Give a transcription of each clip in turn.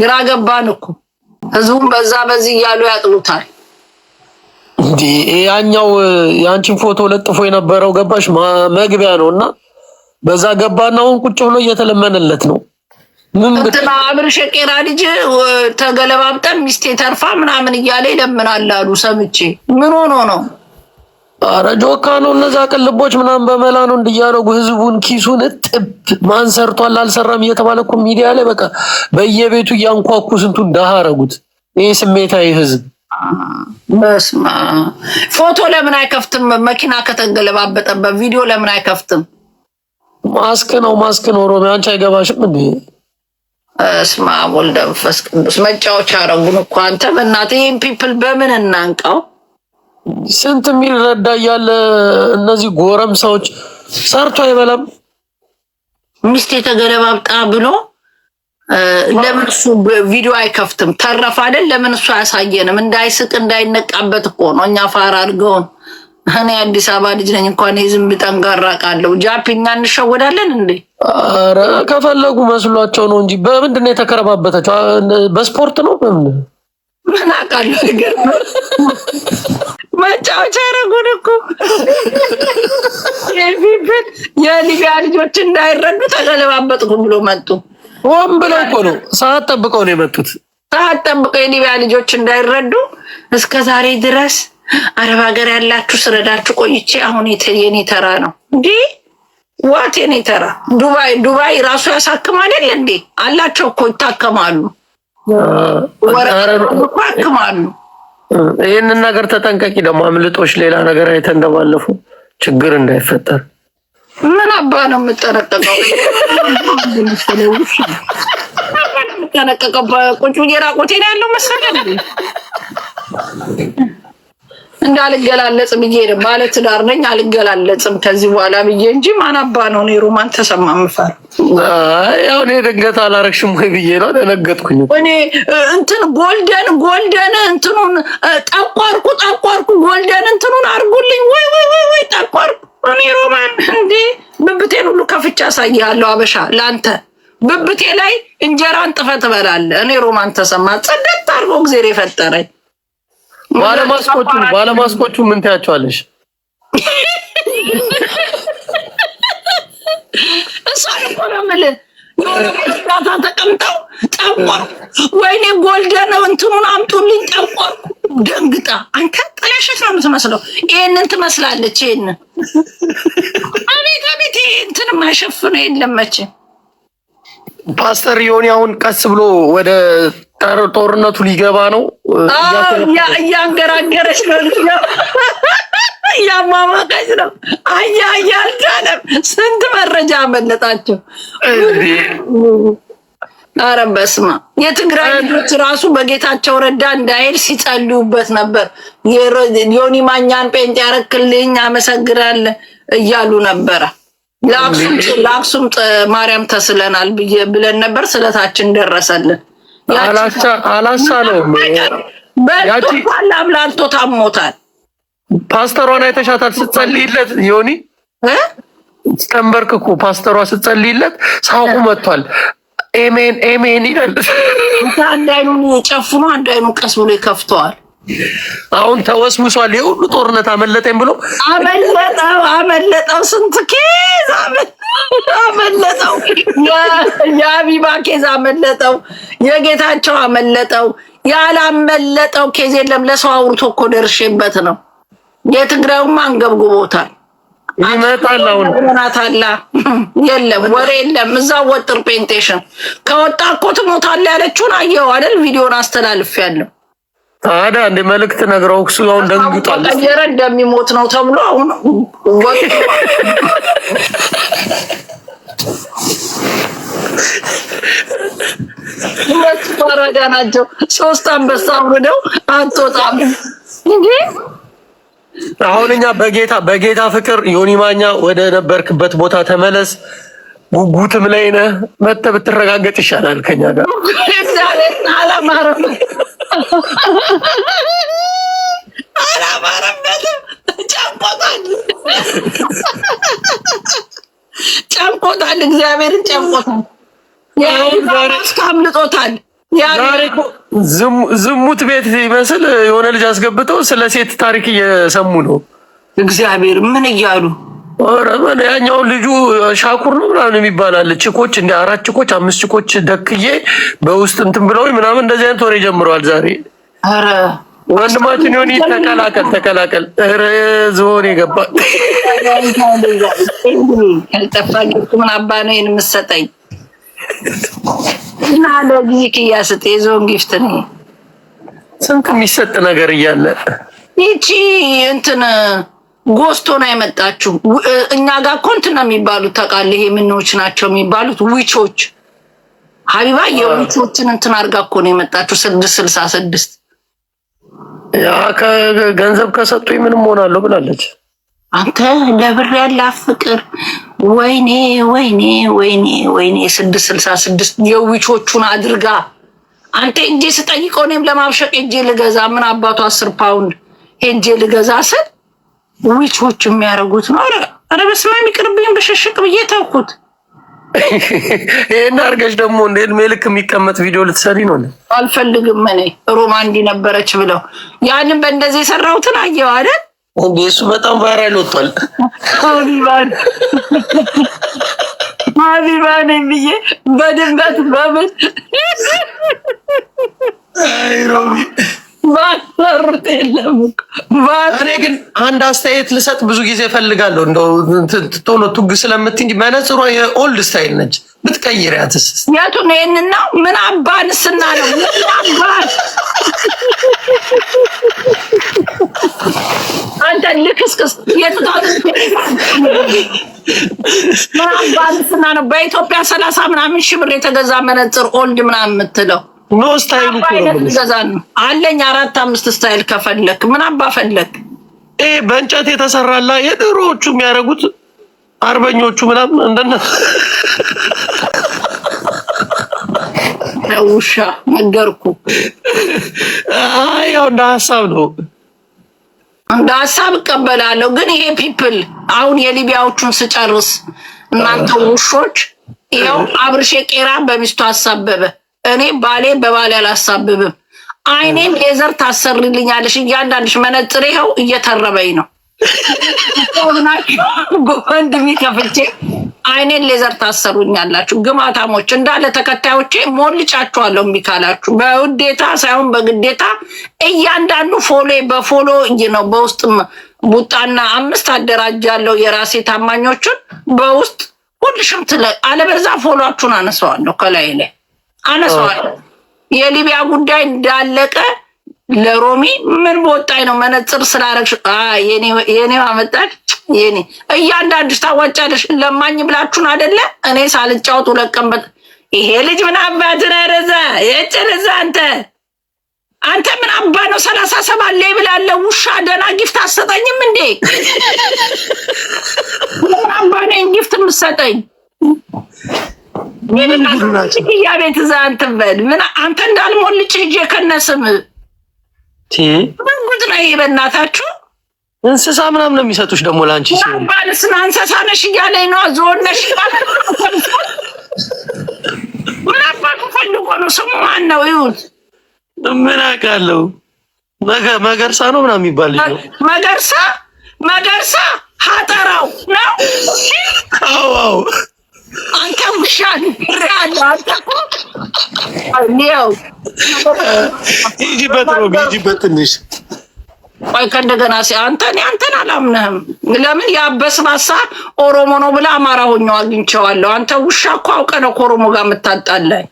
ግራ ገባን እኮ ህዝቡም በዛ በዚህ እያሉ ያጥሉታል። እንዲህ ያኛው የአንቺን ፎቶ ለጥፎ የነበረው ገባሽ መግቢያ ነው እና በዛ ገባና አሁን ቁጭ ብሎ እየተለመነለት ነው። እንትና አብርሽ የቄራ ልጅ ተገለባብጠን ሚስቴ ተርፋ ምናምን እያለ ይለምናል አሉ ሰምቼ። ምን ሆኖ ነው አረ ጆካ ነው። እነዛ ቅልቦች ምናምን በመላ ነው እንዲያደረጉ ህዝቡን ኪሱን እጥብ ማን ሰርቷል አልሰራም እየተባለ እኮ ሚዲያ ላይ በቃ በየቤቱ እያንኳኩ ስንቱን ደሃ አረጉት። ይህ ስሜታዊ ህዝብ በስመ ፎቶ ለምን አይከፍትም? መኪና ከተገለባበጠበት ቪዲዮ ለምን አይከፍትም? ማስክ ነው ማስክ ነው። ኦሮሚያ አንቺ አይገባሽም እንዴ? እስማ ወልደ ወልድ መንፈስ ቅዱስ መጫወቻ አረጉን እኮ አንተ በእናትህ ይህን ፒፕል በምን እናንቀው? ስንት የሚረዳ እያለ እነዚህ ጎረም ሰዎች ሰርቶ አይበላም። ሚስቴ ተገለባብጣ ብሎ ለምን እሱ ቪዲዮ አይከፍትም? ተረፍ አይደል? ለምን እሱ አያሳየንም? እንዳይስቅ እንዳይነቃበት እኮ ነው። እኛ ፋራ አድርገውን። እኔ አዲስ አበባ ልጅ ነኝ እንኳን ዝም ጠንጋራ ቃለው ጃፒ፣ እኛ እንሸወዳለን እንዴ? ከፈለጉ መስሏቸው ነው እንጂ በምንድን ነው የተከረባበተችው? በስፖርት ነው በምን ምን አውቃለሁ። ነገር መጫወቻ ያደረጉን እኮ የፊፍን የሊቢያ ልጆች እንዳይረዱ ተገለባበጥኩ ብሎ መጡ። ሆን ብለው እኮ ነው፣ ሰዓት ጠብቀው ነው የመጡት። ሰዓት ጠብቀው የሊቢያ ልጆች እንዳይረዱ እስከ ዛሬ ድረስ አረብ ሀገር ያላችሁ ስረዳችሁ ቆይቼ አሁን የኔ ተራ ነው። እንዲህ ዋት የኔ ተራ ዱባይ ዱባይ ራሱ ያሳክም አይደል እንዴ? አላቸው እኮ ይታከማሉ። ይህንን ነገር ተጠንቀቂ። ደግሞ አምልጦች ሌላ ነገር አይተ እንደባለፉ ችግር እንዳይፈጠር። ምን አባ ነው የምጠነቀቀው? የምጠነቀቀው ቁጭ ጌራ ያለው መሰለ እንዳልገላለጽ ብዬ ነው ማለት ዳር ነኝ አልገላለጽም ከዚህ በኋላ ብዬ እንጂ ማናባ ነው እኔ ሮማን ተሰማ ምፈር ያው እኔ ድንገት አላረግሽም ወይ ብዬ ነው ደነገጥኩኝ። እኔ እንትን ጎልደን ጎልደን እንትኑን ጠቋርኩ ጠቋርኩ ጎልደን እንትኑን አርጉልኝ ወይ ወይ ወይ ወይ ጠቋርኩ። እኔ ሮማን እንዴ ብብቴን ሁሉ ከፍቻ አሳያለሁ። አበሻ ለአንተ ብብቴ ላይ እንጀራን ጥፈት እበላለሁ። እኔ ሮማን ተሰማ ጽደት አድርጎ እግዜር የፈጠረኝ ባለማስኮቹን ባለማስኮቹን ምን ታያቸዋለሽ? እሷን እኮ ነው የምልህ። ተቀምጠው ጠቆርኩ፣ ወይኔ ጎልደን እንትኑን አምጡልኝ ጠቆር ደንግጣ አንተ ጠላሸት ነው የምትመስለው። ይሄንን ትመስላለች። ይሄንን አቤት አቤት! ይሄ እንትን የማይሸፍነው የለም መቼም ፓስተር ዮኒ አሁን ቀስ ብሎ ወደ ጦርነቱ ሊገባ ነው እያንገራገረች ነው እያሟሟቀች ነው አያ እያልዳለም ስንት መረጃ አመለጣቸው አረ በስመ አብ የትግራይ ልጆች ራሱ በጌታቸው ረዳ እንዳይል ሲጸልዩበት ነበር ዮኒ ማኛን ጴንጤ ያረክልኝ አመሰግናለሁ እያሉ ነበረ ለአክሱም ማርያም ተስለናል ብለን ነበር ስለታችን ደረሰልን አላሻለውም። በልቶታል፣ አብላልቶ ታሞታል። ፓስተሯን አይተሻታል ስትጸልይለት ዮኒ ፓስተሯ ስትጸልይለት ሳቁ መጥቷል። ኤሜን ኤሜን ይላል። አንድ አይኑን ጨፍኖ አንድ ቀስ ብሎ ይከፍተዋል። አሁን ተወስውሷል። የሁሉ ጦርነት አመለጠኝ ብሎ አመለጠው አመለጠው፣ ስንት ኬዝ አመለጠው፣ የአቢባ ኬዝ አመለጠው፣ የጌታቸው አመለጠው። ያላመለጠው ኬዝ የለም። ለሰው አውርቶ እኮ ደርሼበት ነው። የትግራዩም አንገብግቦታል። ይመጣል የለም፣ ወሬ የለም። እዛ ወጥር ፔንቴሽን ከወጣ እኮ ትሞታለህ ያለችውን አየኸው አይደል? ቪዲዮን አስተላልፌያለሁ። ታዲያ እንደ መልእክት ነግረው ስጋውን ደንግጧል። ቀየረ እንደሚሞት ነው ተብሎ አሁን ሁለቱ ተረዳ ናቸው። ሶስት አንበሳ አውርደው አትወጣም እንዴ? አሁን እኛ በጌታ በጌታ ፍቅር ዮኒ ማኛ ወደ ነበርክበት ቦታ ተመለስ። ጉጉትም ላይ ነህ። መተህ ብትረጋገጥ ይሻላል ከኛ ጋር አላማረም አላማረበትም። ጨንቆታል፣ ጨንቆታል፣ እግዚአብሔርን ጨንቆታል። አምልጦታል። ዝሙት ቤት ይመስል የሆነ ልጅ አስገብተው ስለ ሴት ታሪክ እየሰሙ ነው። እግዚአብሔር ምን እያሉ ያኛው ልጁ ሻኩር ነው ምናምን የሚባላል ችኮች እንደ አራት ችኮች አምስት ችኮች ደክዬ በውስጥ እንትን ብለው ምናምን እንደዚህ አይነት ወሬ ጀምረዋል ዛሬ። ወንድማችን ሆን ተቀላቀል ተቀላቀል ዝሆን የገባ ያልጠፋ ምን አባ ነው ይህን የምትሰጠኝ? እና ለጊዜ የዞን ጊፍት ስንት የሚሰጥ ነገር እያለ ይቺ እንትን ጎስቶ ነው የመጣችው። እኛ ጋር ኮንት ነው የሚባሉት ተቃል ይሄ ምኖች ናቸው የሚባሉት ዊቾች። ሀቢባ የዊቾችን እንትን አድርጋ እኮ ነው የመጣችው። ስድስት ስልሳ ስድስት ገንዘብ ከሰጡ ምንም ሆናለሁ ብላለች። አንተ ለብር ያላ ፍቅር ወይኔ ወይኔ ወይኔ ወይኔ ስድስት ስልሳ ስድስት የዊቾቹን አድርጋ አንተ እጄ ስጠይቀው እኔም ለማብሸቅ እጄ ልገዛ ምን አባቱ አስር ፓውንድ ሄጄ ልገዛ ስል ዊቾች የሚያደርጉት ነው። አረ በስመ አብ ይቅርብኝ፣ ብሽሽቅ ብዬ ተውኩት። ይህን አድርገሽ ደግሞ እንደ እድሜ ልክ የሚቀመጥ ቪዲዮ ልትሰሪ ነው? አልፈልግም። እኔ ሮማ እንዲህ ነበረች ብለው ያንን በእንደዚህ የሰራሁትን አየው አይደል? እንደ እሱ በጣም ቫይራል ወጥቷል። ሀቢባ ነኝ ብዬ በድንበት በምን ባሰሩት የለም። እኔ ግን አንድ አስተያየት ልሰጥ ብዙ ጊዜ እፈልጋለሁ። እንደው ቶሎ ቱግ ስለምት እንጂ መነጽሯ የኦልድ ስታይል ነች። ብትቀይሪያትስ? ምን ምን አንተ ልክስክስ ነው? በኢትዮጵያ ሰላሳ ምናምን ሺህ ብር የተገዛ መነጽር ኦልድ ምናምን የምትለው ኖ ስታይል አለኝ አራት አምስት ስታይል ከፈለክ ምን ፈለክ ይህ በእንጨት የተሰራላ የድሮዎቹ የሚያደርጉት አርበኞቹ ምናምን እንደነ ውሻ ነገርኩ። ያው እንደ ሀሳብ ነው፣ እንደ ሀሳብ እቀበላለሁ። ግን ይሄ ፒፕል አሁን የሊቢያዎቹን ስጨርስ እናንተ ውሾች፣ ይኸው አብርሼ ቄራን በሚስቱ አሳበበ እኔ ባሌን በባሌ አላሳብብም። አይኔን ሌዘር ታሰርልኛለሽ። እያንዳንድሽ መነጽር ይኸው እየተረበኝ ነው። ጎፈንድሚ ከፍቼ አይኔን ሌዘር ታሰሩኛላችሁ። ግማታሞች እንዳለ ተከታዮቼ ሞልጫችኋለሁ። እምቢ ካላችሁ በውዴታ ሳይሆን በግዴታ እያንዳንዱ ፎሎ በፎሎ ነው። በውስጥ ቡጣና አምስት አደራጃለሁ የራሴ ታማኞችን በውስጥ ሁልሽም ትለ አለበዛ ፎሎችሁን አነሰዋለሁ ከላይ ላይ አነሳዋለሁ። የሊቢያ ጉዳይ እንዳለቀ ለሮሚ ምን በወጣኝ ነው መነፅር ስላረግሽ የኔ መጣል የኔ እያንዳንድሽ ታዋጫለሽ። ለማኝ ብላችሁን አደለ እኔ ሳልጫወት ለቀንበት ይሄ ልጅ ምን አባትን ረዛ የጭንዛ አንተ አንተ ምን አባ ነው ሰላሳ ሰባት ላይ ብላለ ውሻ ደና ጊፍት አሰጠኝም እንዴ? ምን አባ ነኝ ጊፍት የምሰጠኝ ያ ቤት ምን አንተ እንዳልሞልጭ ሂጅ የከነስም ምንጉድ ነው በእናታችሁ እንስሳ ምናምን ነው የሚሰጡሽ ደግሞ ለአንቺ ሲሆን ባልስና እንስሳ ነሽ እያለኝ ነው ዞነሽ ምን አባቱ ፈልጎ ነው ስሙ ማን ነው ይሁን ምን አውቃለሁ መገርሳ ነው ምናምን የሚባል ልጅ ነው መገርሳ መገርሳ ሀጠራው ነው አዎ አዎ አንተ ውሻ ብር አንተ እኮ ው ሂጂበት ነው ሂጂበት ትንሽ ቆይ ከእንደገና ሲ አንተ እኔ አንተን አላምንህም። ለምን የአበስባሳ ኦሮሞ ነው ብለህ አማራ ሆኜው አግኝቼዋለሁ። አንተ ውሻ እኮ አውቀህ ነው ከኦሮሞ ጋር የምታጣላኝ።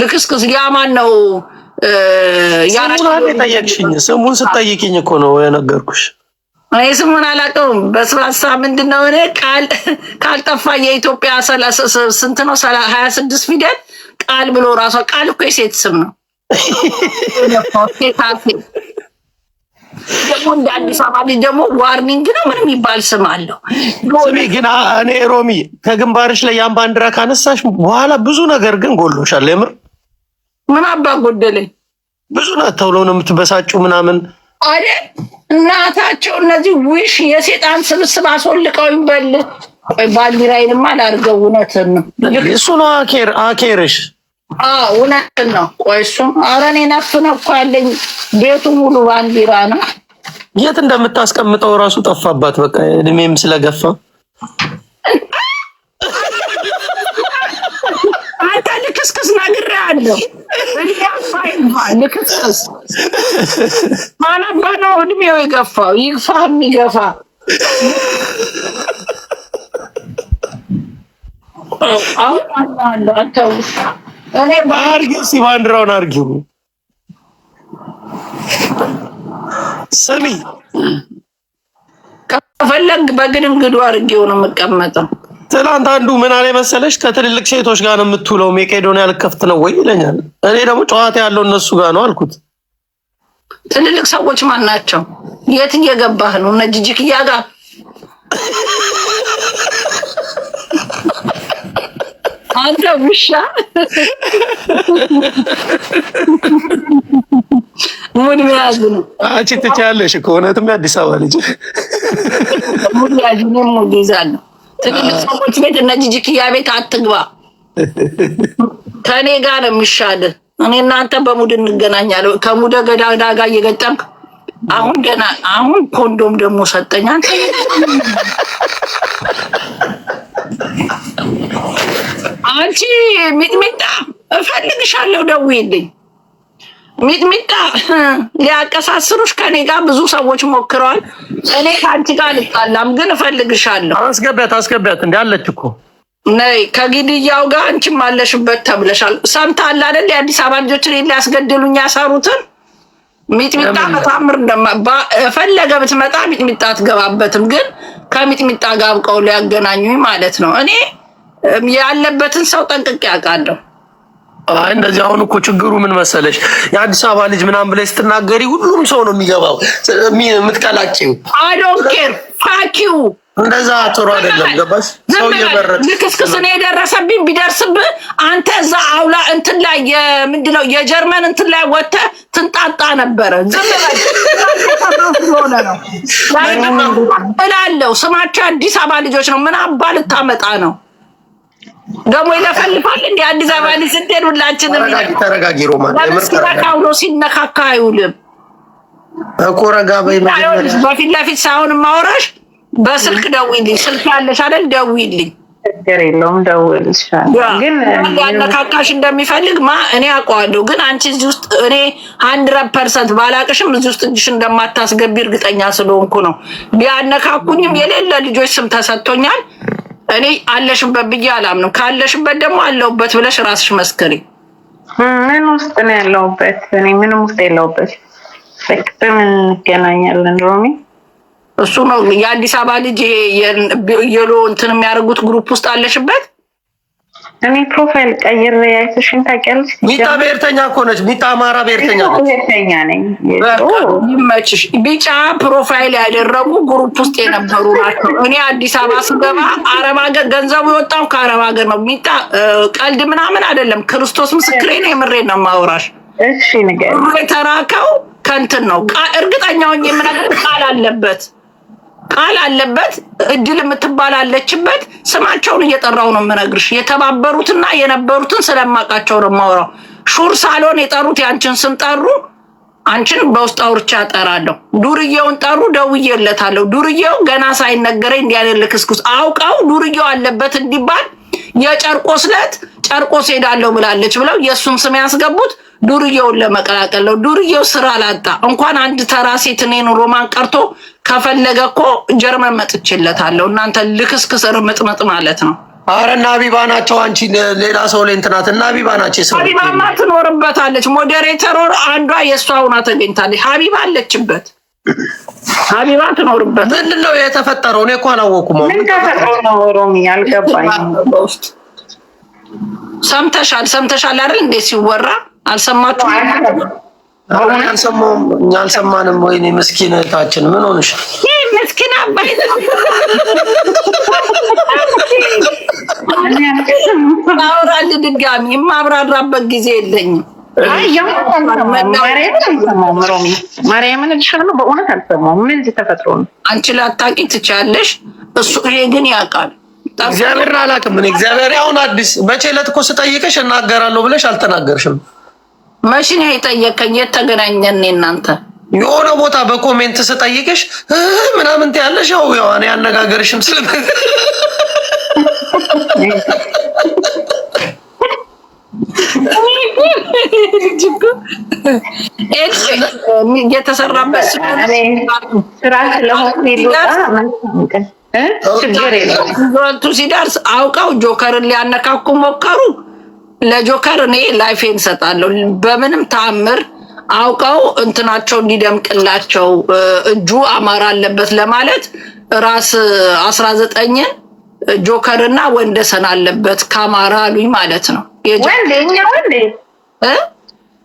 ልክስክስ ያ ማን ነው? ስሙን ስሙን ስጠይቅኝ እኮ ነው የነገርኩሽ። ስሙን አላውቀውም። በስባሳ ምንድን ነው እኔ ቃል ካልጠፋ የኢትዮጵያ ስንት ነው? ሀያ ስድስት ፊደል ቃል ብሎ ራሷ ቃል እኮ የሴት ስም ነው። ደግሞ እንደ አዲስ አበባ ልጅ ደግሞ ዋርኒንግ ነው ምን የሚባል ስም አለው። ስሚ ግን እኔ ሮሚ ከግንባርሽ ላይ ያን ባንዲራ ካነሳሽ በኋላ ብዙ ነገር ግን ጎሎሻል። የምር ምን አባ ጎደለኝ ብዙ ነ ተብሎ ነው የምትበሳጩ ምናምን አረ እናታቸው እነዚህ ውሽ የሴጣን ስብስብ አስወልቀው ይበል። ቆይ ባልዲራይንማ ላድርገው። እውነትን ነው እሱ ነው አኬርሽ እውነትን ነው። ቆይ እሱም ኧረ እኔ ነፍ ነው እኮ ያለኝ ቤቱ ሙሉ ባንዲራ ነው። የት እንደምታስቀምጠው እራሱ ጠፋባት። በቃ እድሜም ስለገፋ ልክስክስ አለው ልክስክስ ማናባ ነው እድሜው የገፋው ይግፋ የሚገፋ አርጊ እስኪ ባንዲራውን አርጊው። ስሚ ከፈለግ አርጊው ነው የምቀመጠው። ትላንት አንዱ ምን አለ መሰለሽ፣ ከትልልቅ ሴቶች ጋር ነው የምትውለው፣ ሜቄዶንያ ልከፍት ነው ወይ ይለኛል። እኔ ደግሞ ጨዋታ ያለው እነሱ ጋር ነው አልኩት። ትልልቅ ሰዎች ማን ናቸው? የት እየገባህ ነው? እነ ጅጅክያ ጋር አንተ ውሻ ሙድ መያዝ ነው። አንቺ ትቻለሽ እኮ እውነትም የአዲስ አበባ ልጅ ሙድ ያዝ ነው። ሙድ ይዛለሁ ትልልቅ ሰዎች ቤት እነ ጂጂክያ ቤት አትግባ። ከእኔ ጋር ነው የሚሻልህ። እኔ እናንተ በሙድ እንገናኛለ። ከሙደ ገዳዳ ጋር እየገጠም አሁን ገና አሁን ኮንዶም ደግሞ ሰጠኝ። አንቺ ሚጥሚጣ እፈልግሻለሁ፣ ደውዪልኝ ሚጥሚጣ ሊያቀሳስሩሽ ከኔ ጋር ብዙ ሰዎች ሞክረዋል። እኔ ከአንቺ ጋር አልጣላም፣ ግን እፈልግሻለሁ። አስገቢያት አስገቢያት እንዲ አለች እኮ ነይ ከግድያው ጋር አንቺም አለሽበት ተብለሻል። ሰምተሃል አይደል? የአዲስ አበባ ልጆችን ሊያስገድሉኝ ያሰሩትን ሚጥሚጣ በታምር ፈለገ ብትመጣ ሚጥሚጣ አትገባበትም፣ ግን ከሚጥሚጣ ጋር አብቀው ሊያገናኙኝ ማለት ነው። እኔ ያለበትን ሰው ጠንቅቄ አውቃለሁ። እንደዚህ አሁን እኮ ችግሩ ምን መሰለሽ፣ የአዲስ አበባ ልጅ ምናምን ብለሽ ስትናገሪ ሁሉም ሰው ነው የሚገባው የምትቀላጭው። አይ ዶንት ኬር ፋክ ዩ እንደዛ ጥሩ አይደለም። ገባሽ? ሰው እየመረጥ ልክስክስ ነው የደረሰብኝ። ቢደርስብህ አንተ እዛ አውላ እንትን ላይ ምንድን ነው የጀርመን እንትን ላይ ወጥተህ ትንጣጣ ነበረ። ዝም እላለሁ። ስማቸው አዲስ አበባ ልጆች ነው። ምን አባ ልታመጣ ነው? ደግሞ ይለፈልፋል። እንዲ አዲስ አበባ ላይ ስትሄድ ሁላችንም ተረጋጊ። ሮማን ነው ሲነካካ አይውልም እኮ ረጋ በይ። በፊት ለፊት ሳይሆን ማውራሽ በስልክ ደውይልኝ። ስልክ ያለሽ አይደል? ደውይልኝ። ችግር የለውም ደውልሻለሁ። ግን ያነካካሽ እንደሚፈልግ ማ እኔ አውቀዋለሁ። ግን አንቺ እዚህ ውስጥ እኔ ሀንድረድ ፐርሰንት ባላቅሽም እዚህ ውስጥ እጅሽ እንደማታስገቢ እርግጠኛ ስለሆንኩ ነው። ቢያነካኩኝም የሌለ ልጆች ስም ተሰጥቶኛል። እኔ አለሽበት ብዬ አላምንም። ካለሽበት ደግሞ አለሁበት ብለሽ ራስሽ መስክሪ። ምን ውስጥ ነው ያለሁበት? እኔ ምንም ውስጥ የለሁበት። በምን እንገናኛለን ሮሚ? እሱ ነው የአዲስ አበባ ልጅ የሎ እንትን የሚያደርጉት ግሩፕ ውስጥ አለሽበት እኔ ፕሮፋይል ቀይሬ አይተሽን ታውቂያለሽ። ሚጣ ብሔርተኛ እኮ ነች። ሚጣ አማራ ብሔርተኛ ብሔርተኛ ነኝ። ይመችሽ። ቢጫ ፕሮፋይል ያደረጉ ግሩፕ ውስጥ የነበሩ ናቸው። እኔ አዲስ አበባ ስገባ አረብ ሀገር ገንዘቡ የወጣው ከአረብ ሀገር ነው። ሚጣ ቀልድ ምናምን አይደለም። ክርስቶስ ምስክሬ ነው። የምሬን ነው ማውራሽ። እሺ ንገር። የተራከው ከእንትን ነው እርግጠኛውን የምነግር ቃል አለበት ቃል አለበት እድል የምትባላለችበት ስማቸውን እየጠራው ነው የምነግርሽ። የተባበሩትና የነበሩትን ስለማውቃቸው ነው የማወራው። ሹር ሳሎን የጠሩት ያንችን ስም ጠሩ። አንቺን በውስጥ አውርቻ ጠራለሁ። ዱርዬውን ጠሩ፣ ደውዬለታለሁ። ዱርዬው ገና ሳይነገረኝ እንዲያለ ልክስኩስ አውቃው ዱርዬው አለበት እንዲባል የጨርቆስ ዕለት ጨርቆስ ሄዳለሁ ብላለች ብለው የእሱን ስም ያስገቡት ዱርዬውን ለመቀላቀል ነው። ዱርዬው ስራ ላጣ እንኳን አንድ ተራ ሴት እኔን ሮማን ቀርቶ ከፈለገ እኮ ጀርመን መጥቼለታለሁ። እናንተ ልክስክስር ምጥምጥ ማለት ነው። አረ እና ሀቢባ ናቸው። አንቺ ሌላ ሰው ላይ እንትናት እና ሀቢባ ናቸው። ሀቢባማ ትኖርበታለች። ሞዴሬተሩ አንዷ የእሷ ሁና ተገኝታለች። ሀቢባ አለችበት። ሀቢባ ትኖርበት። ምንድን ነው የተፈጠረው? እኔ እኮ አላወኩም። ምን ተፈጥሮ ነው ሮሚ? አልገባኝ። በውስጥ ሰምተሻል? ሰምተሻል አይደል እንዴ ሲወራ አልሰማችሁም? አሁን አልሰማሁም፣ እኛ አልሰማንም። ወይኔ ምስኪን እህታችን ምን ሆንሽ? ምስኪን አባይ ድጋሚ የማብራራበት ጊዜ የለኝም። ማርያምን እልሻለሁ፣ በእውነት አልሰማሁም። ምን ተፈጥሮ ነው? አንቺ ላታቂ ትቻለሽ፣ እሱ ይሄ ግን ያውቃል። እግዚአብሔር አላውቅም። እግዚአብሔር አሁን አዲስ መቼ ዕለት እኮ ስጠይቅሽ እናገራለሁ ብለሽ አልተናገርሽም። መሽን የጠየቀኝ የተገናኘን እናንተ የሆነ ቦታ በኮሜንት ስጠይቅሽ ምናምን ያለሽ ያው ያኔ አነጋገርሽም ስለ የተሰራበት ሲደርስ አውቀው ጆከርን ሊያነካኩ ሞከሩ። ለጆከር እኔ ላይፌን ሰጣለሁ። በምንም ተአምር አውቀው እንትናቸው እንዲደምቅላቸው እጁ አማራ አለበት ለማለት ራስ አስራ ዘጠኝን ጆከር ጆከርና ወንደሰን አለበት ከአማራ አሉኝ ማለት ነው። ወንዴኛ ወንዴ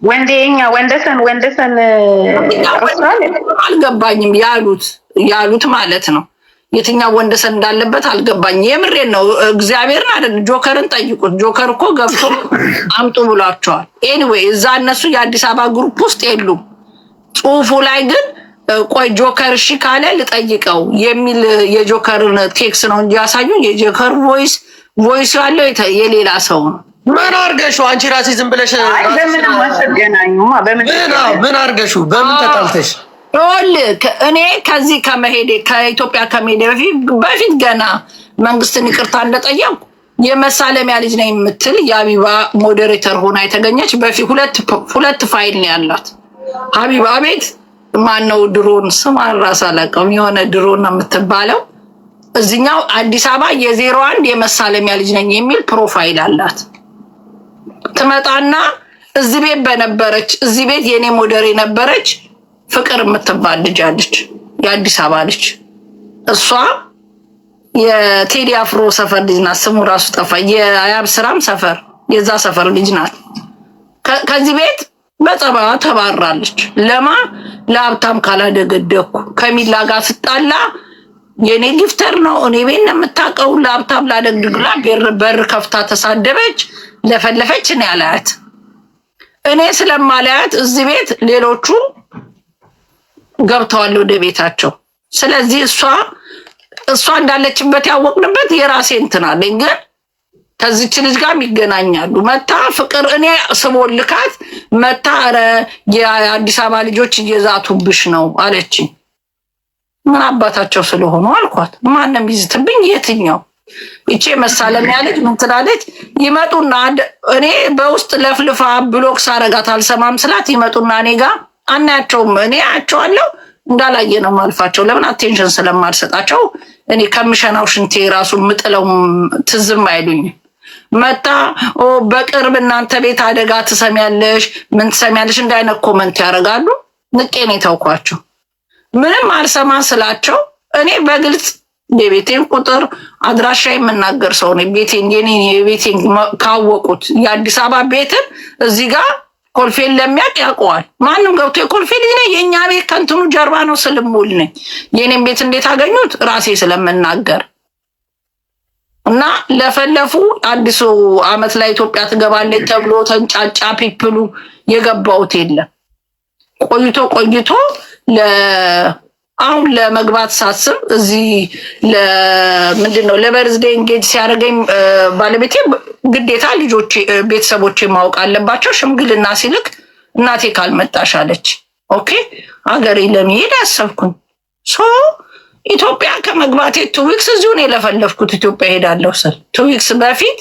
ወንዴኛ ወንደሰን ወንደሰን አልገባኝም ያሉት ያሉት ማለት ነው የትኛው ወንደሰ እንዳለበት አልገባኝ። የምሬን ነው። እግዚአብሔርን አይደል ጆከርን ጠይቁት። ጆከር እኮ ገብቶ አምጡ ብሏቸዋል። ኤኒዌይ እዛ እነሱ የአዲስ አበባ ግሩፕ ውስጥ የሉም። ጽሁፉ ላይ ግን ቆይ ጆከር እሺ ካለ ልጠይቀው የሚል የጆከርን ቴክስ ነው እንጂ ያሳዩ የጆከር ቮይስ ቮይስ ያለው የሌላ ሰው ነው። ምን አርገሹ አንቺ ራሴ ዝም ብለሽ ምን አርገሹ በምን ተጣልተሽ እኔ ከዚህ ከመሄዴ ከኢትዮጵያ ከመሄድ በፊት በፊት ገና መንግስትን ይቅርታ እንደጠየቁ የመሳለሚያ ልጅ ነኝ የምትል የሀቢባ ሞዴሬተር ሆና የተገኘች በፊት ሁለት ፋይል ነው ያላት ሀቢባ ቤት። ማነው ድሮን ስም አራስ አላውቅም፣ የሆነ ድሮን ነው የምትባለው። እዚኛው አዲስ አበባ የዜሮ አንድ የመሳለሚያ ልጅ ነኝ የሚል ፕሮፋይል አላት። ትመጣና እዚህ ቤት በነበረች እዚህ ቤት የኔ ሞዴሬ የነበረች ፍቅር የምትባል ልጅ አለች፣ የአዲስ አበባ ልጅ። እሷ የቴዲ አፍሮ ሰፈር ልጅ ናት። ስሙ ራሱ ጠፋ። የአያብ ስራም ሰፈር የዛ ሰፈር ልጅ ናት። ከዚህ ቤት በጸባዋ ተባራለች። ለማ ለሀብታም ካላደገደኩ ከሚላ ጋር ስጣላ የእኔ ጊፍተር ነው እኔ ቤት ነው የምታውቀው። ለሀብታም ላደግድግላ በር ከፍታ ተሳደበች፣ ለፈለፈች። እኔ አላያት እኔ ስለማላያት እዚህ ቤት ሌሎቹ ገብተዋል ወደ ቤታቸው። ስለዚህ እሷ እሷ እንዳለችበት ያወቅንበት የራሴ እንትን አለኝ ግን ከዚች ልጅ ጋርም ይገናኛሉ። መታ ፍቅር እኔ ስሞልካት መታ ኧረ የአዲስ አበባ ልጆች እየዛቱብሽ ነው አለችኝ። ምን አባታቸው ስለሆኑ አልኳት። ማንም ይዝትብኝ የትኛው ይቼ መሳለሚያ ልጅ ምን ትላለች? ይመጡና እኔ በውስጥ ለፍልፋ ብሎክ ሳረጋት አልሰማም ስላት ይመጡና እኔ ጋር አናያቸውም። እኔ አያቸዋለሁ እንዳላየ ነው ማልፋቸው። ለምን አቴንሽን ስለማልሰጣቸው እኔ ከምሸናው ሽንቴ ራሱ ምጥለው ትዝም አይሉኝም። መታ በቅርብ እናንተ ቤት አደጋ ትሰሚያለሽ፣ ምን ትሰሚያለሽ እንዳይነት ኮመንት ያደርጋሉ። ንቄን የተውኳቸው ምንም አልሰማ ስላቸው እኔ በግልጽ የቤቴን ቁጥር አድራሻ የምናገር ሰው ነኝ። ቤቴን የኔን የቤቴን ካወቁት የአዲስ አበባ ቤትን እዚህ ጋር ኮልፌን ለሚያውቅ ያውቀዋል። ማንም ገብቶ የኮልፌ ልጅ ነኝ የእኛ ቤት ከንትኑ ጀርባ ነው ስልሙል ነኝ። የኔም ቤት እንዴት አገኙት? ራሴ ስለምናገር እና ለፈለፉ አዲሱ አመት ላይ ኢትዮጵያ ትገባለች ተብሎ ተንጫጫ። ፒፕሉ የገባውት የለም ቆይቶ ቆይቶ አሁን ለመግባት ሳስብ እዚህ ምንድን ነው ለበርዝዴ እንጌጅ ሲያደርገኝ ባለቤቴ ግዴታ ልጆች ቤተሰቦች ማወቅ አለባቸው ሽምግልና ሲልክ እናቴ ካልመጣሽ አለች። ኦኬ አገሬ ለመሄድ ያሰብኩኝ ሶ ኢትዮጵያ ከመግባቴ ቱዊክስ እዚሁን የለፈለፍኩት ኢትዮጵያ ሄዳለሁ ስል ቱዊክስ በፊት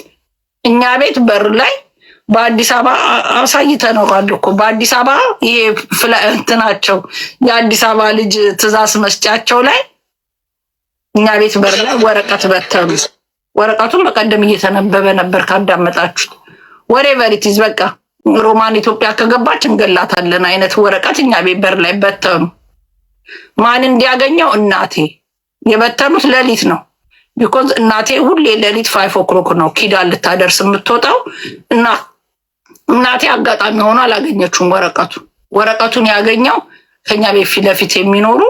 እኛ ቤት በር ላይ በአዲስ አበባ አሳይተነዋል እኮ በአዲስ አበባ ይሄ ናቸው የአዲስ አበባ ልጅ ትእዛዝ መስጫቸው ላይ እኛ ቤት በር ላይ ወረቀት በተኑ። ወረቀቱን በቀደም እየተነበበ ነበር ካዳመጣችሁ። ወሬ ቨሪቲዝ በቃ ሮማን ኢትዮጵያ ከገባች እንገላታለን አይነት ወረቀት እኛ ቤት በር ላይ በተኑ። ማን እንዲያገኘው? እናቴ የበተኑት ሌሊት ነው። ቢኮዝ እናቴ ሁሌ ሌሊት ፋይቭ ኦክሎክ ነው ኪዳ ልታደርስ የምትወጣው እናት እናቴ አጋጣሚ ሆኖ አላገኘችውም ወረቀቱ ወረቀቱን ያገኘው ከኛ ቤት ፊት ለፊት የሚኖሩ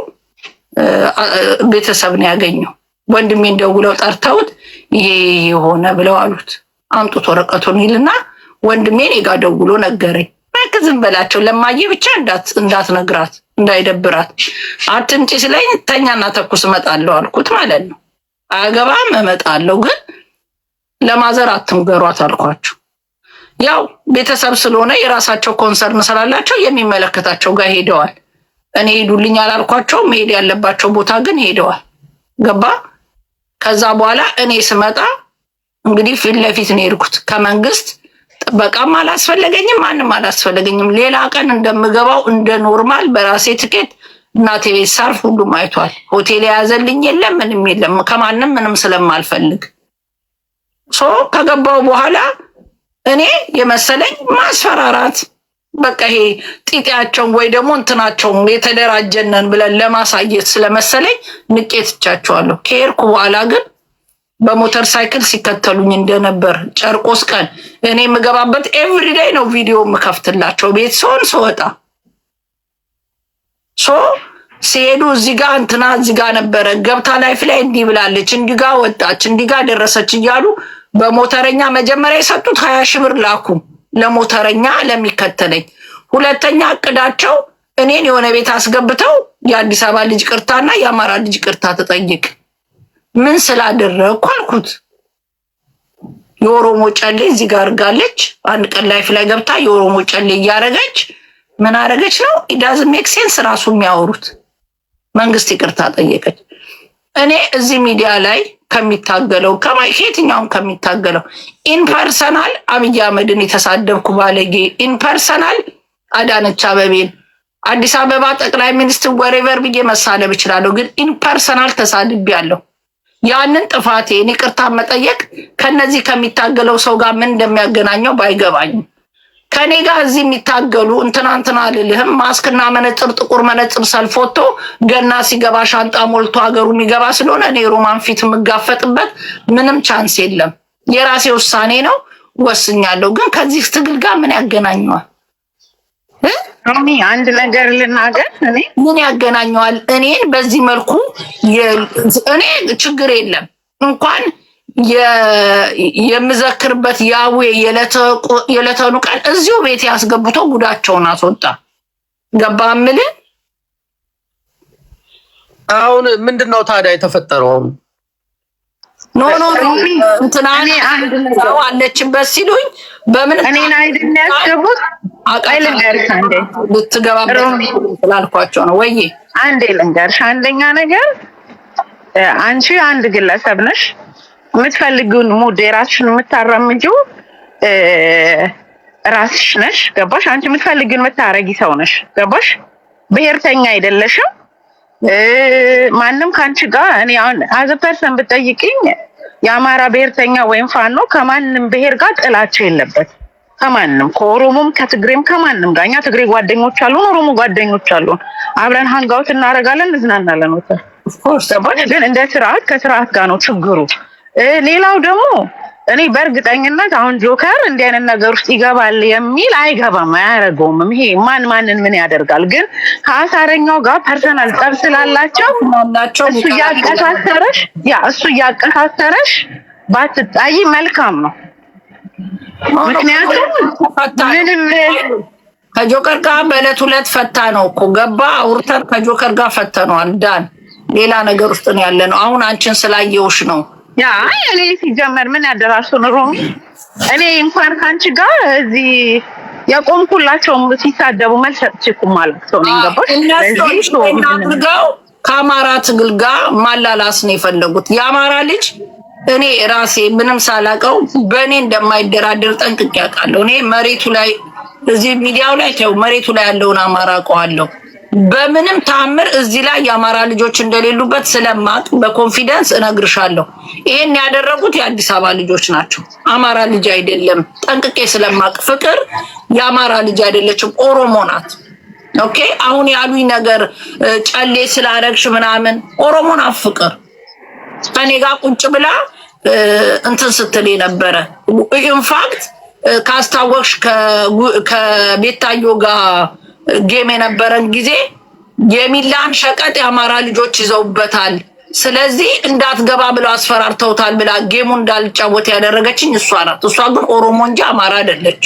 ቤተሰብ ነው ያገኘው። ወንድሜን ደውለው ጠርተውት ይሄ የሆነ ብለው አሉት። አምጡት ወረቀቱን ይልና ወንድሜን ጋ ደውሎ ነገረኝ። በቃ ዝም በላቸው ለማየ ብቻ እንዳትነግራት እንዳይደብራት አትምጪ ስለኝ ተኛና ተኩስ እመጣለሁ አልኩት ማለት ነው። አያገባም እመጣለሁ ግን ለማዘር አትንገሯት አልኳቸው። ያው ቤተሰብ ስለሆነ የራሳቸው ኮንሰርን ስላላቸው የሚመለከታቸው ጋር ሄደዋል። እኔ ሄዱልኝ አላልኳቸው። መሄድ ያለባቸው ቦታ ግን ሄደዋል። ገባ። ከዛ በኋላ እኔ ስመጣ እንግዲህ ፊት ለፊት ነው የሄድኩት። ከመንግስት ጥበቃም አላስፈለገኝም፣ ማንም አላስፈለገኝም። ሌላ ቀን እንደምገባው እንደ ኖርማል በራሴ ትኬት እናቴ ቤት ሳርፍ ሁሉም አይቷል። ሆቴል የያዘልኝ የለም፣ ምንም የለም። ከማንም ምንም ስለማልፈልግ ሶ ከገባው በኋላ እኔ የመሰለኝ ማስፈራራት በቃ ይሄ ጢጢያቸውን ወይ ደግሞ እንትናቸውን የተደራጀነን ብለን ለማሳየት ስለመሰለኝ ንቄ ትቻቸዋለሁ። ከሄድኩ በኋላ ግን በሞተር ሳይክል ሲከተሉኝ እንደነበር ጨርቆስ ቀን እኔ የምገባበት ኤቭሪዴይ ነው ቪዲዮ የምከፍትላቸው ቤት ሲሆን ስወጣ ሶ ሲሄዱ እዚህ ጋ እንትና እዚህ ጋ ነበረ ገብታ ላይፍ ላይ እንዲህ ብላለች፣ እንዲጋ ወጣች፣ እንዲጋ ደረሰች እያሉ በሞተረኛ መጀመሪያ የሰጡት ሀያ ሺህ ብር ላኩ ለሞተረኛ ለሚከተለኝ። ሁለተኛ እቅዳቸው እኔን የሆነ ቤት አስገብተው የአዲስ አበባ ልጅ ቅርታና የአማራ ልጅ ቅርታ ተጠይቅ ምን ስላደረግኩ አልኩት። የኦሮሞ ጨሌ እዚህ ጋር አድርጋለች። አንድ ቀን ላይፍ ላይ ገብታ የኦሮሞ ጨሌ እያደረገች ምን አደረገች ነው ኢዳዝ ሜክሴንስ ራሱ የሚያወሩት መንግስት ይቅርታ ጠየቀች። እኔ እዚህ ሚዲያ ላይ ከሚታገለው ከየትኛውም ከሚታገለው ኢንፐርሰናል አብይ አህመድን የተሳደብኩ ባለጌ ኢንፐርሰናል አዳነች አበቤን አዲስ አበባ ጠቅላይ ሚኒስትር ወሬቨር ብዬ መሳለብ እችላለሁ፣ ግን ኢንፐርሰናል ያለው ያንን ጥፋቴን ይቅርታ መጠየቅ ከነዚህ ከሚታገለው ሰው ጋር ምን እንደሚያገናኘው ባይገባኝም ከኔ ጋር እዚህ የሚታገሉ እንትና እንትና አልልህም። ማስክና መነጽር ጥቁር መነጽር ሰልፍ ወጥቶ ገና ሲገባ ሻንጣ ሞልቶ ሀገሩ የሚገባ ስለሆነ እኔ ሮማን ፊት የምጋፈጥበት ምንም ቻንስ የለም። የራሴ ውሳኔ ነው ወስኛለሁ። ግን ከዚህ ትግል ጋር ምን ያገናኘዋል? ሮሚ አንድ ነገር ልናገር። እኔ ምን ያገናኘዋል? እኔን በዚህ መልኩ እኔ ችግር የለም እንኳን የምዘክርበት ያዌ የለተኑ ቃል እዚሁ ቤት ያስገብቶ ጉዳቸውን አስወጣ። ገባ ምል አሁን ምንድን ነው ታዲያ የተፈጠረው? ኖ ኖ አለችበት ሲሉኝ በምን እኔን አይደል ያስገቡት? አቃይ ልንገርሽ አንዴ ልትገባበት ስላልኳቸው ነው ወይ? አንዴ ልንገርሽ። አንደኛ ነገር አንቺ አንድ ግለሰብ ነሽ የምትፈልጊውን ሙድ የራስሽን የምታራምጂው ራስሽ ነሽ። ገባሽ? አንቺ የምትፈልጊውን የምታረጊ ሰው ነሽ። ገባሽ? ብሄርተኛ አይደለሽም። ማንም ከአንቺ ጋር እኔ አሁን አዘ ፐርሰን ብጠይቅኝ የአማራ ብሔርተኛ ወይም ፋኖ ከማንም ብሄር ጋር ጥላቸው የለበት ከማንም ከኦሮሞም ከትግሬም ከማንም ጋር እኛ ትግሬ ጓደኞች አሉን፣ ኦሮሞ ጓደኞች አሉን። አብረን ሀንጋውት እናደርጋለን፣ እዝናናለን። ወተ ግን እንደ ስርዓት ከስርዓት ጋር ነው ችግሩ። ሌላው ደግሞ እኔ በእርግጠኝነት አሁን ጆከር እንዲህ አይነት ነገር ውስጥ ይገባል የሚል አይገባም፣ አያደርገውም። ይሄ ማን ማንን ምን ያደርጋል? ግን ከአሳረኛው ጋር ፐርሰናል ጠብ ስላላቸው እሱ እያቀሳሰረሽ ያ እሱ እያቀሳሰረሽ ባትጣይ መልካም ነው። ምክንያቱም ምንም ከጆከር ጋር በዕለት ሁለት ፈታ ነው እኮ ገባ አውርተን ከጆከር ጋር ፈተነዋል። ዳን ሌላ ነገር ውስጥ ነው ያለ ነው። አሁን አንቺን ስላየውሽ ነው ያ እኔ ሲጀመር ምን ያደራሱ ኑሮ እኔ እንኳን ከአንቺ ጋር እዚህ የቆምኩላቸውም ሲሳደቡ መልስ ሰጥቼ እኮ ማለት ሰው ነኝ። ገባሽ? እናድርገው ከአማራ ትግል ጋር ማላላስ ነው የፈለጉት። የአማራ ልጅ እኔ ራሴ ምንም ሳላቀው በእኔ እንደማይደራደር ጠንቅቄ አውቃለሁ። እኔ መሬቱ ላይ እዚህ ሚዲያው ላይ ተው መሬቱ ላይ ያለውን አማራ አውቀዋለሁ። በምንም ታምር እዚህ ላይ የአማራ ልጆች እንደሌሉበት ስለማቅ በኮንፊደንስ እነግርሻለሁ። ይሄን ያደረጉት የአዲስ አበባ ልጆች ናቸው። አማራ ልጅ አይደለም፣ ጠንቅቄ ስለማቅ ፍቅር የአማራ ልጅ አይደለችም፣ ኦሮሞ ናት። ኦኬ፣ አሁን ያሉኝ ነገር ጨሌ ስላረግሽ ምናምን ኦሮሞ ናት ፍቅር ከኔ ጋር ቁጭ ብላ እንትን ስትል የነበረ ኢንፋክት ካስታወቅሽ ከቤታዮ ጋር ጌም የነበረን ጊዜ የሚላን ሸቀጥ የአማራ ልጆች ይዘውበታል፣ ስለዚህ እንዳትገባ ብለው አስፈራርተውታል ብላ ጌሙ እንዳልጫወት ያደረገችኝ እሷ ናት። እሷ ግን ኦሮሞ እንጂ አማራ አይደለች።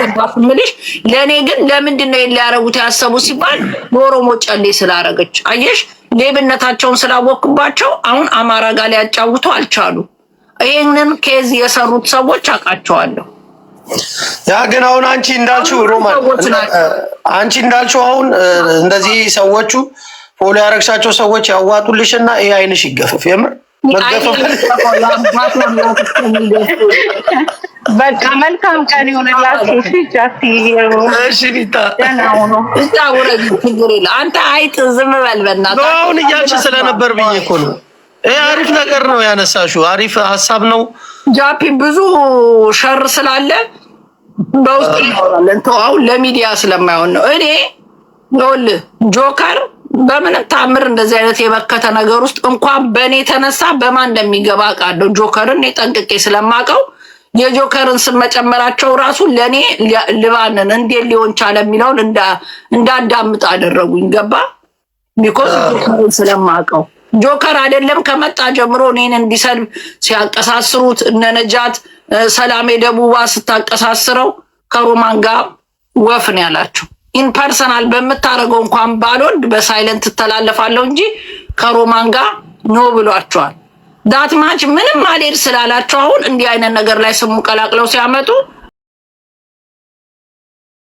ገባሽ ለእኔ ግን ለምንድን ነው ሊያረጉት ያሰቡ ሲባል በኦሮሞ ጨሌ ስላረገች አየሽ፣ ሌብነታቸውን ስላወቅባቸው አሁን አማራ ጋር ሊያጫውቱ አልቻሉ። ይህንን ኬዝ የሰሩት ሰዎች አውቃቸዋለሁ። ያ ግን አሁን አንቺ እንዳልችው ሮማን አንቺ እንዳልችው አሁን እንደዚህ ሰዎቹ ፎሎ ያረግሻቸው ሰዎች ያዋጡልሽ እና ይሄ አይንሽ ይገፈፍ። የምር መገፈፍ። በቃ መልካም ቀን ይሆንላችሁ። አንተ አይጥ ዝም በል በእናትህ። አሁን እያልሽ ስለነበር ብዬ እኮ ነው ይህ አሪፍ ነገር ነው ያነሳሽው፣ አሪፍ ሀሳብ ነው። ጃፒ ብዙ ሸር ስላለ በውስጥ እናወራለን። ተው አሁን ለሚዲያ ስለማይሆን ነው። እኔ ይኸውልህ ጆከር በምንም ታምር እንደዚህ አይነት የበከተ ነገር ውስጥ እንኳን በእኔ የተነሳ በማን እንደሚገባ አውቃለሁ። ጆከርን እኔ ጠንቅቄ ስለማውቀው የጆከርን ስም መጨመራቸው ራሱ ለእኔ ልባንን እንዴት ሊሆን ቻለ የሚለውን እንዳዳምጥ አደረጉኝ። ገባ ቢኮዝ ጆከርን ስለማውቀው ጆከር አይደለም ከመጣ ጀምሮ እኔን እንዲሰድብ ሲያቀሳስሩት እነነጃት ሰላሜ ደቡባ ስታቀሳስረው ከሮማን ጋር ወፍ ያላችሁ። ኢንፐርሰናል በምታደርገው እንኳን ባልወድ በሳይለንት ትተላለፋለሁ እንጂ ከሮማን ጋር ኖ ብሏቸዋል። ዳትማች ምንም አልሄድ ስላላቸው አሁን እንዲህ አይነት ነገር ላይ ስሙ ቀላቅለው ሲያመጡ